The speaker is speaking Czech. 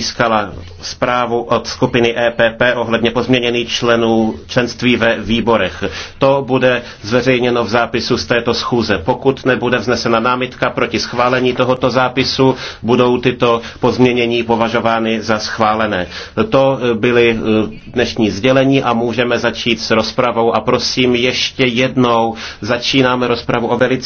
získala zprávu od skupiny EPP ohledně pozměněných členů členství ve výborech. To bude zveřejněno v zápisu z této schůze. Pokud nebude vznesena námitka proti schválení tohoto zápisu, budou tyto pozměnění považovány za schválené. To byly eh, dnešní sdělení a můžeme začít s rozpravou. A prosím, ještě jednou začínáme rozpravu o velice